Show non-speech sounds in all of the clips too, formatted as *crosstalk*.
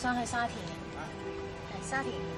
上去沙田，係沙田。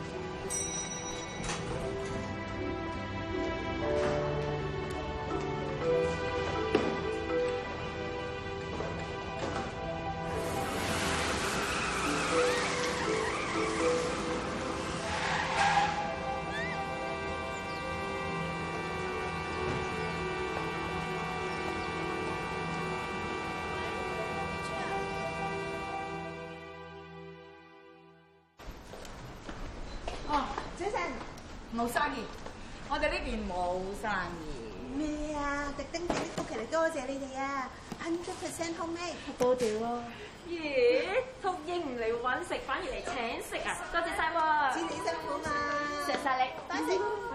冇生意，我哋呢邊冇生意。咩啊？特登屋企嚟多謝你哋啊，hundred percent 好味。多謝咯。咦，禿鷹唔嚟揾食，反而嚟請食啊！多謝晒喎。指點辛苦啊！嘛？多謝晒你，多謝。多謝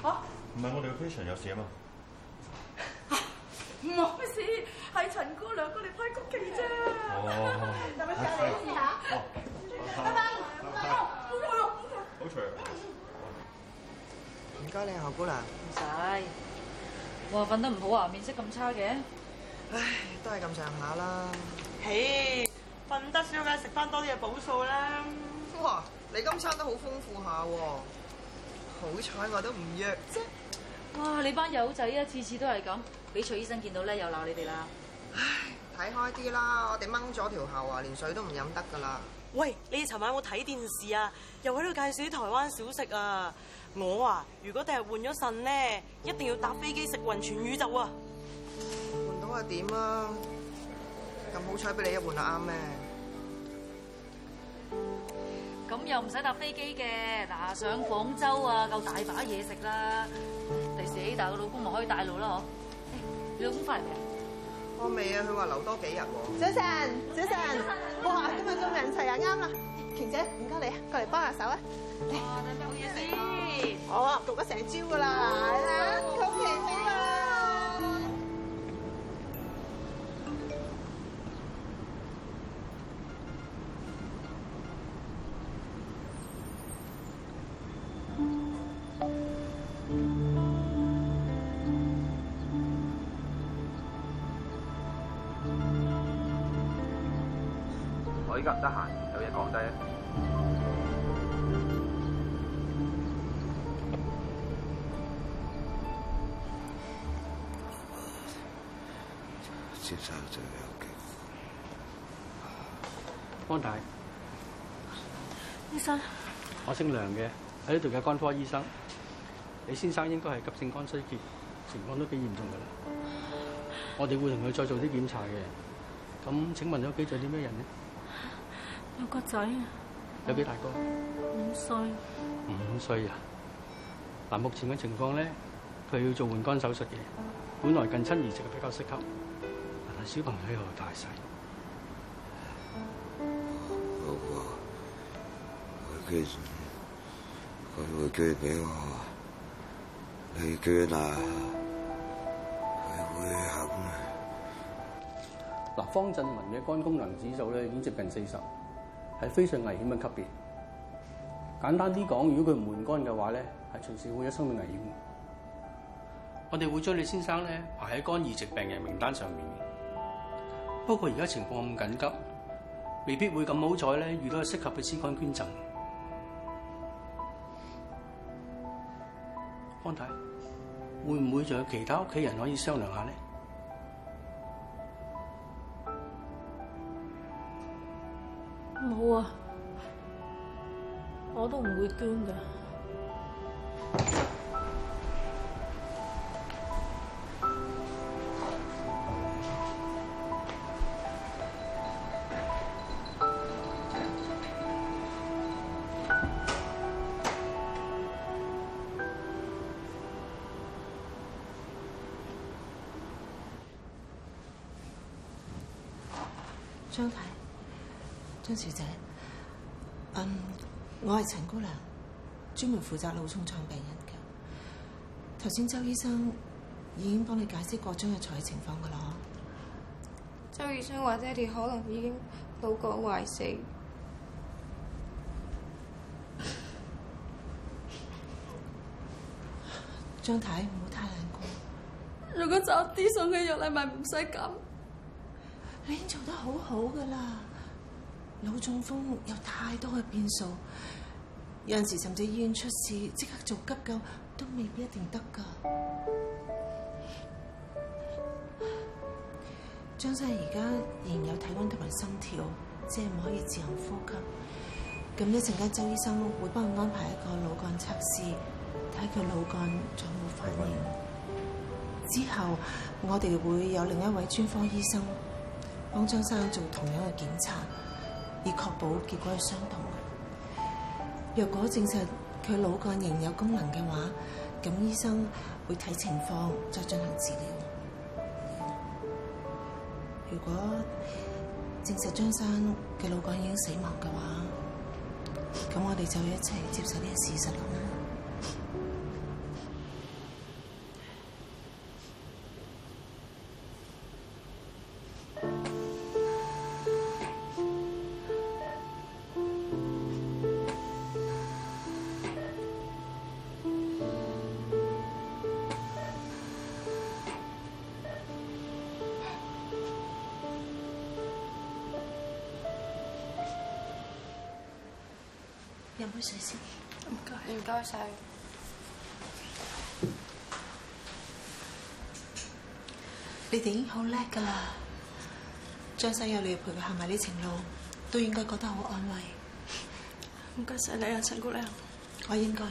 吓？唔係我哋個飛船有事啊嘛！冇乜事，係陳姑娘過嚟派曲奇啫。哦，得啦，好，爸爸，爸爸，歡好彩啊！點解你唔好姑娘？唔使。我瞓得唔好啊，面色咁差嘅。唉，都係咁上下啦。嘿，瞓得少咧，食翻多啲嘢補數啦。哇，你今餐都好豐富下喎。好彩我都唔約，即係哇！你班友仔啊，次次都係咁，俾徐醫生見到咧又鬧你哋啦。唉，睇開啲啦，我哋掹咗條喉啊，連水都唔飲得噶啦。喂，你哋尋晚有冇睇電視啊？又喺度介紹啲台灣小食啊！我啊，如果第日換咗腎咧，一定要搭飛機食雲泉宇宙啊！換到又點啊？咁好彩俾你一換啊，啱咩？咁又唔使搭飛機嘅，嗱，上廣州啊，夠大把嘢食啦。第時起大個老公咪可以帶路囉，嗬？你老公返嚟未啊？我未啊，佢話留多幾日喎。早晨，早晨，哇，今日咁人齊啊，啱啊！瓊姐，唔該你啊，過嚟幫下手啊。哇，帶啲好嘢食。好，焗咗成朝噶啦，係咪啊？好甜。而家唔得閒，有嘢講低啊！接受最有力。安迪，大醫生，我姓梁嘅，喺呢度嘅肝科醫生。李先生應該係急性肝衰竭，情況都幾嚴重㗎喇。我哋會同佢再做啲檢查嘅。咁請問屋企仲有啲咩人呢？有個仔，有幾大個？五歲。五歲啊！但目前嘅情況咧，佢要做換肝手術嘅，本來近親移植比較適合，但係小朋友又大細。嗯。不過，佢捐，佢會捐俾我，你捐啊？會唔會合？嗱，方振文嘅肝功能指數咧，已經接近四十。係非常危險嘅級別。簡單啲講，如果佢唔換肝嘅話呢，係隨時會有生命危險。我哋會將你先生呢排喺肝移植病人名單上面。不過而家情況咁緊急，未必會咁好彩呢，遇到適合嘅肝捐贈。方太，會唔會仲有其他屋企人可以商量下呢？冇啊，我都唔會捐㗎。張太。 *noise* 張張小姐，嗯，我係陳姑娘，專門負責腦重創病人嘅。頭先周醫生已經幫你解釋過張日才嘅情況㗎啦。周醫生話：爹哋可能已經腦幹壞死。 *laughs* 張太太，唔好太難過。如果早啲送佢入嚟，咪唔使咁。你已經做得好好嘅啦。腦中風有太多嘅變數，有陣時甚至醫院出事即刻做急救都未必一定得㗎。張生而家仍然有體温同埋心跳，即係唔可以自行呼吸。咁一陣間，周醫生會幫我安排一個腦幹測試，睇佢腦幹仲有冇反應。 *music* 之後，我哋會有另一位專科醫生幫張生做同樣嘅檢查。以確保結果係相同。若果證實佢腦幹仍有功能嘅話，咁醫生會睇情況再進行治療。如果證實張生嘅腦幹已經死亡嘅話，咁我哋就一齊接受呢個事實啦。你哋已經好叻㗎啦！張生有你陪佢行埋呢程路，都應該覺得好安慰。唔該晒你啊，陳姑娘，我應該嘅。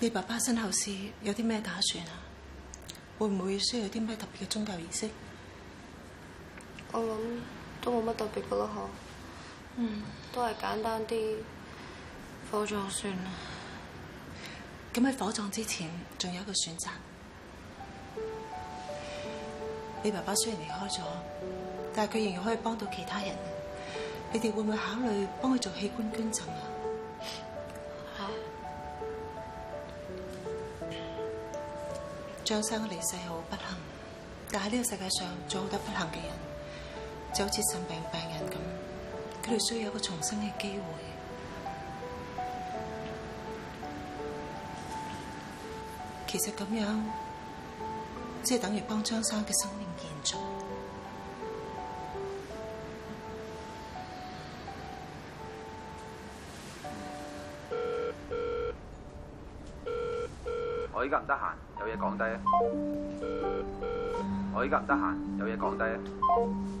你爸爸身後事有啲咩打算啊？會唔會需要啲咩特別嘅宗教儀式？我諗都冇乜特別㗎啦，嗬。嗯，都係簡單啲。火葬算啦，咁喺火葬之前，仲有一個選擇。你爸爸雖然離開咗，但係佢仍然可以幫到其他人。你哋會唔會考慮幫佢做器官捐贈啊？吓？張生嘅離世好不幸，但係呢個世界上仲有好多不幸嘅人，就好似腎病病人咁，佢哋需要有個重生嘅機會。其實咁樣，即係等於幫張生嘅生命延續。我依家唔得閒，有嘢講低啊！我依家唔得閒，有嘢講低啊！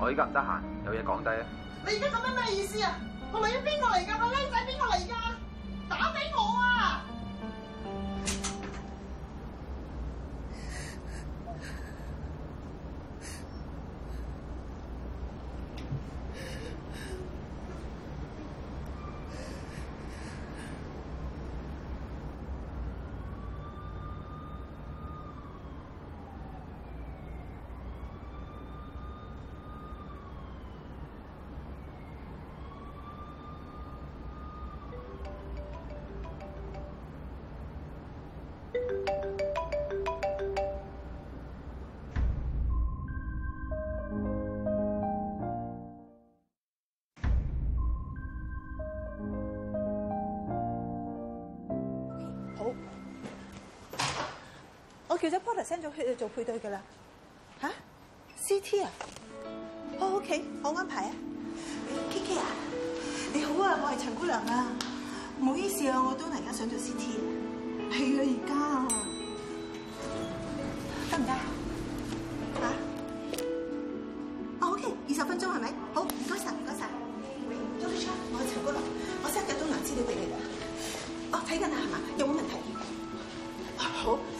我而家唔得閒，有嘢講低啊！你而家咁樣咩意思啊？個女邊個嚟㗎？個僆仔邊個嚟㗎？打俾我啊！其咗 p o r t send 咗血嚟做配對噶啦，吓 c t 啊？好、啊 oh, OK，我安排啊。Kiki 啊，你好啊，我係陳姑娘啊。唔好意思啊，我都係而家想做 CT。係啊，而家得唔得？啊？哦、oh,，OK，二十分鐘係咪？好，唔該晒，唔該晒。喂 d o 我係陳姑娘，mm hmm. 我即刻都拿資料俾你啦。哦，睇緊啊，係嘛、oh,？有冇問題？Oh, 好。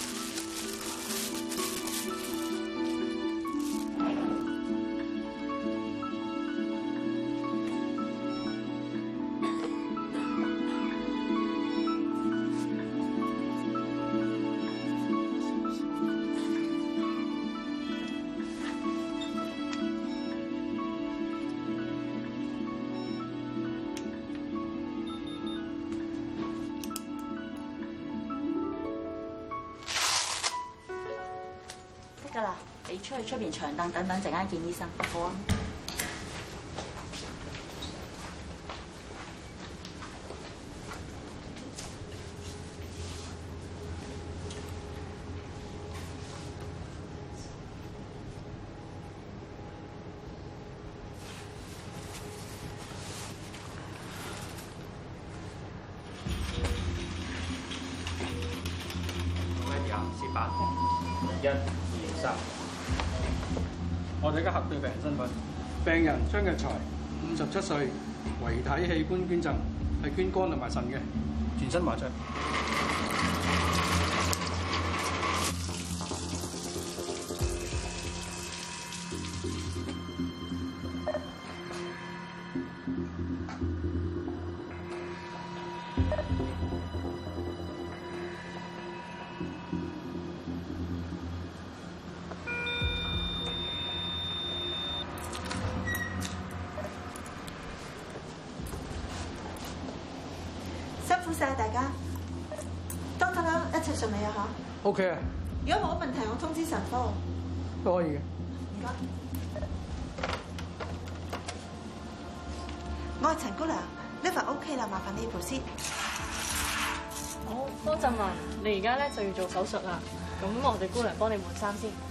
出便長凳等等，陣間見醫生。好啊。曾日才，五十七歲，遺體器官捐贈，係捐肝同埋腎嘅，全身麻醉。多謝，謝大家，多謝啦，一切順利啊嚇。O K 啊，如果冇問題，我通知神科。都可以。嘅，唔該。我係陳姑娘，呢份 O K 啦，麻煩你報先。好，oh, 方振文，你而家咧就要做手術啦，咁我哋姑娘幫你換衫先。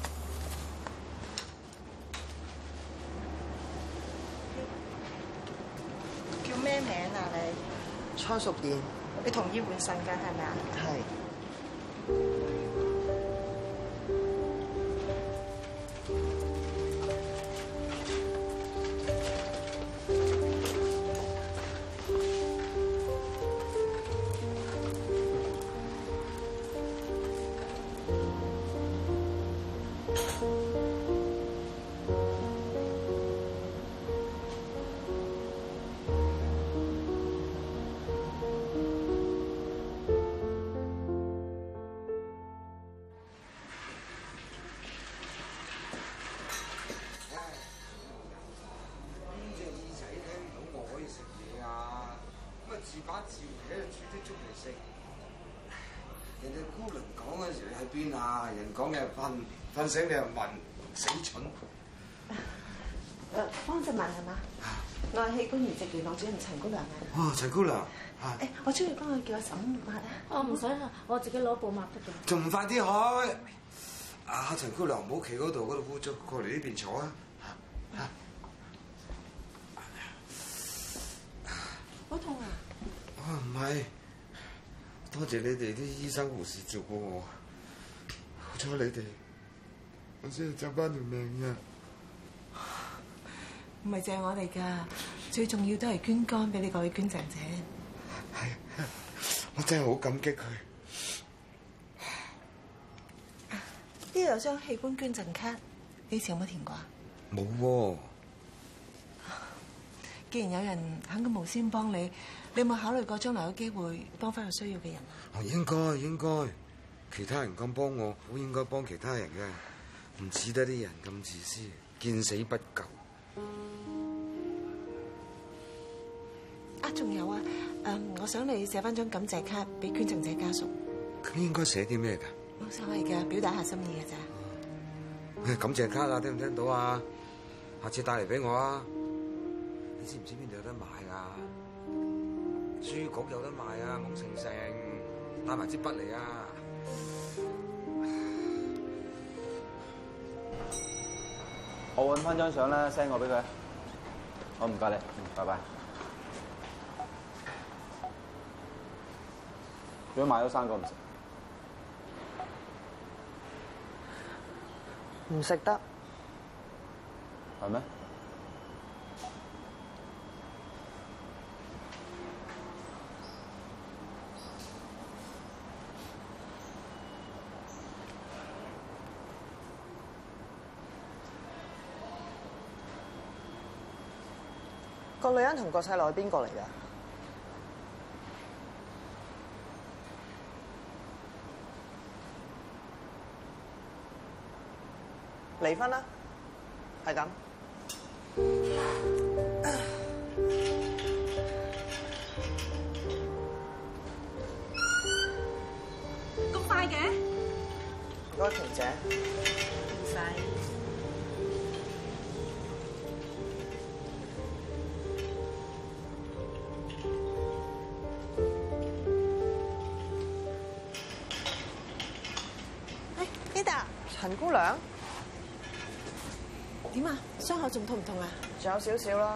名啊你，蔡淑儀，你同意換腎嘅係咪啊？係。人哋姑娘講嘅時喺邊啊？人講嘅瞓瞓醒，你又問死蠢。誒，方振文係嘛？我係器官移植，聯絡主任陳姑娘嘅。哇！陳姑娘嚇！誒，我出去幫佢叫阿嬸抹啊！我唔使啦，我自己攞布抹得嘅。快啲去！阿陳姑娘唔好企嗰度，嗰度污糟，過嚟呢邊坐啊！嚇嚇！好痛啊！啊，唔係。多謝你哋啲醫生護士照顧我，好彩你哋，我先要執翻條命啊！唔係謝我哋噶，最重要都係捐肝俾你個位捐贈者。係，我真係好感激佢。呢度有張器官捐贈卡，你以前有冇填過啊？冇。既然有人肯咁無私幫你。你有冇考慮過將來有機會幫翻個需要嘅人啊？我應該應該，其他人咁幫我，我應該幫其他人嘅，唔似得啲人咁自私，見死不救。啊，仲有啊，誒，我想你寫翻張感謝卡俾捐贈者家屬。咁應該寫啲咩㗎？冇所謂嘅，表達下心意嘅咋、啊。感謝卡啊，聽唔聽到啊？下次帶嚟俾我啊！你知唔知邊度有得買？書局有得賣啊，蒙成成帶埋支筆嚟啊！我揾翻張相啦，send 個俾佢。我唔該你，嗯，拜拜。嗯、如果買咗三個唔食，唔食得係咩？個女人同個細路係邊個嚟㗎？離婚啦，係、就、咁、是。咁快嘅？唔該，婷姐。唔使。傷口仲痛唔痛啊？仲有少少囉，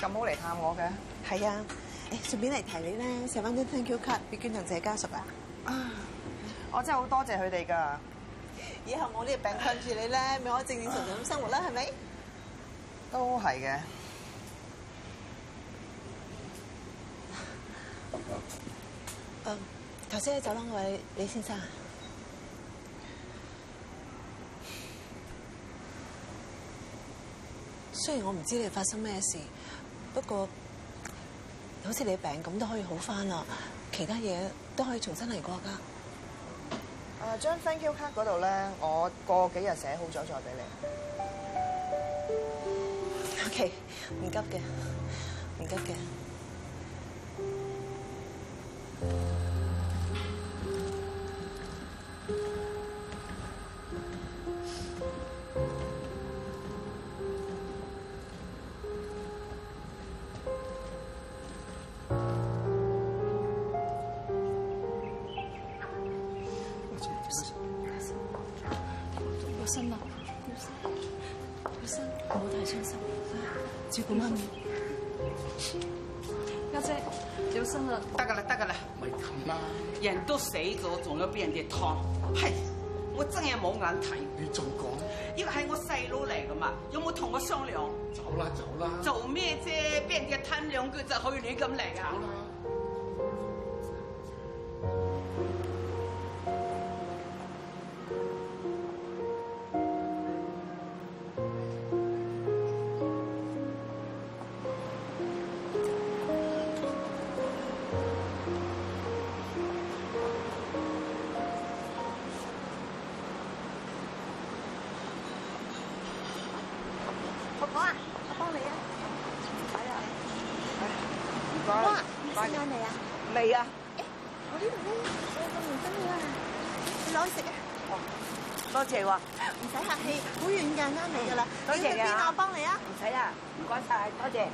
咁好嚟探我嘅。係啊，誒，順便嚟提你咧，寫翻張 thank you card 俾捐贈者家屬啊！我真係好多謝佢哋噶，以後冇呢個病困住你咧，咪唉可以正正常常咁生活啦，係咪唉？嗎都係嘅。誒，頭先喺走廊嗰位李先生。雖然我唔知你發生咩事，不過好似你病咁都可以好返啦，其他嘢都可以重新嚟過㗎。啊，張 thank you 卡嗰度呢，我過幾日寫好咗再俾你。OK，唔急嘅，唔急嘅。小心！照顧媽咪。家姐有心啦，得噶啦，得噶啦。唔係咁啦，人都死咗，仲有俾人哋劏？係，我真係冇眼睇。你仲講？呢個係我細佬嚟噶嘛？有冇同我商量？走啦，走啦。做咩啫？俾人哋彈兩句就可以你咁嚟啊？係啊，我呢度咧，我有份麵生嘅，你攞去食啊！哦，多謝喎，唔使客氣，好遠噶，啱你噶啦，多謝嘅。要唔要煎啊？我幫你啊，唔使啊，唔該晒，多謝。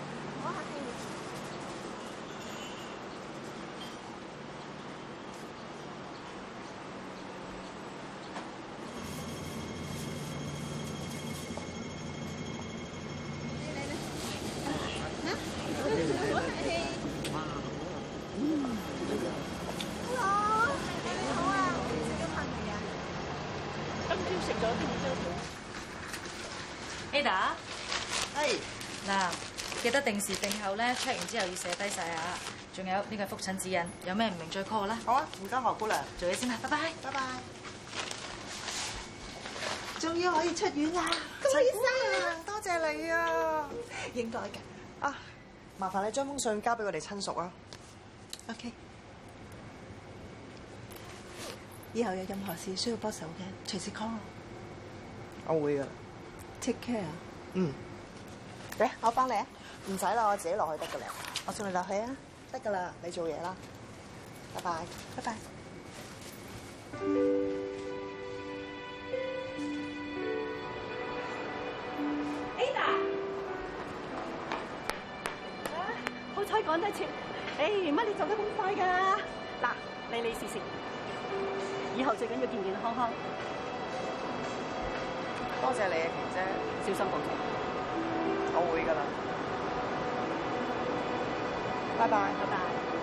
記得定時定候咧 check，完之後要寫低晒啊！仲有呢個覆診指引，有咩唔明再 call 我啦。好啊，唔該何姑娘，做嘢先啦，拜拜，拜拜。終於可以出院啦，蔡醫生，多謝你啊，應該嘅。啊，麻煩你將封信交俾我哋親屬啊。OK。以後有任何事需要幫手嘅，隨時 call 我。我會嘅。Take care。嗯。嚟，我幫你。唔使啦，我自己落去得噶啦。我送你落去啊，得噶啦，你做嘢啦，拜拜，拜拜。Ada、 *laughs* 啊、好彩趕得住，哎，乜你做得咁快噶？嗱，你你試試，以後最緊要健健康康。多謝你啊，萍姐，小心保重，嗯、我會噶啦。拜拜，拜拜。